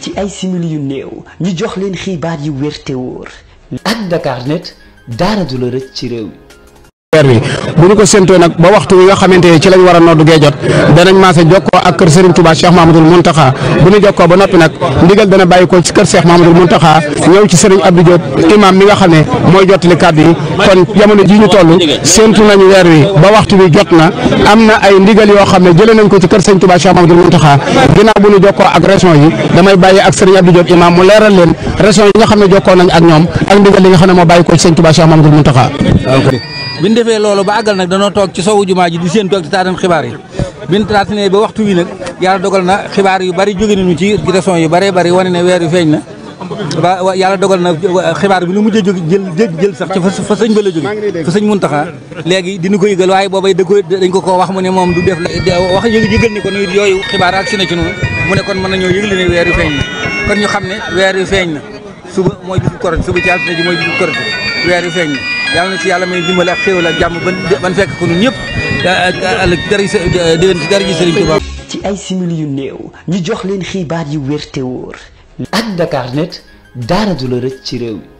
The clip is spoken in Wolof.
ci ay simili yu néew ñu jox leen xibaar yu wér te wóor. ak Dakarnet daara du la rëcc ci réew mi. weer wi bu ñu ko séentoo nag ba waxtu wi nga xamante ne ci lañ war a noddu gee jot danañ maase jokkoo ak kër Serigne Touba Cheikh Mahamadoul Mountakha bu ñu jokkoo ba noppi nag ndigal dana bàyyi ko ci kër Cheikh Mahamadoul Mountakha ñëw ci Serigne Abdou Diop waxtu wi jot na am na yoo xam ne jëlee ko ci kër Serigne Touba Cheikh Mahamadoul Mountakha ginnaaw bu ñu jokkoo ak région yi damay bàyyi ak Serigne Abdou Diop imam mu leeral leen région yi nga xam ne jokkoo nañ ak ñoom ak ndigal li nga xam ne moo bàyyi ko ci Serigne Touba Cheikh Mahamadoul Mountakha bi ñu defee loolu ba àggal nag danoo toog ci sowu jumaa ji di seen toog di taataan xibaar yi bi ñu taatinee ba waxtu wi nag yàlla dogal na xibaar yu bari jóge nañu ci régions yu bëree bari wane ne weer yu feeñ na ba yàlla dogal na xibaar bi nu mujj a jóg jël jël sax ci fa sëñ ba la jóge fa sëñ Muntaxa léegi dina ko yëgal waaye boobay da ko dañ ko koo wax mu ne moom du def la wax yëg yëgal ne ko nu yooyu xibaar ak si na ci noonu mu ne kon mën nañoo yëgle ne weer yu feeñ na kon ñu xam ne weer yu feeñ na suba mooy bisu korite suba ci altine ji mooy bisu korite weer yàlla na ci yàlla may dimbal ak xéewal ak jàmm ban ban fekk ko ñun ñëpp ëllëg dara déwén ci dara ji Sëriñ Tuubaa ci ay simili yu néew ñu jox leen xibaar yu wér te wóor ak Dakarnet dara du la ci réew mi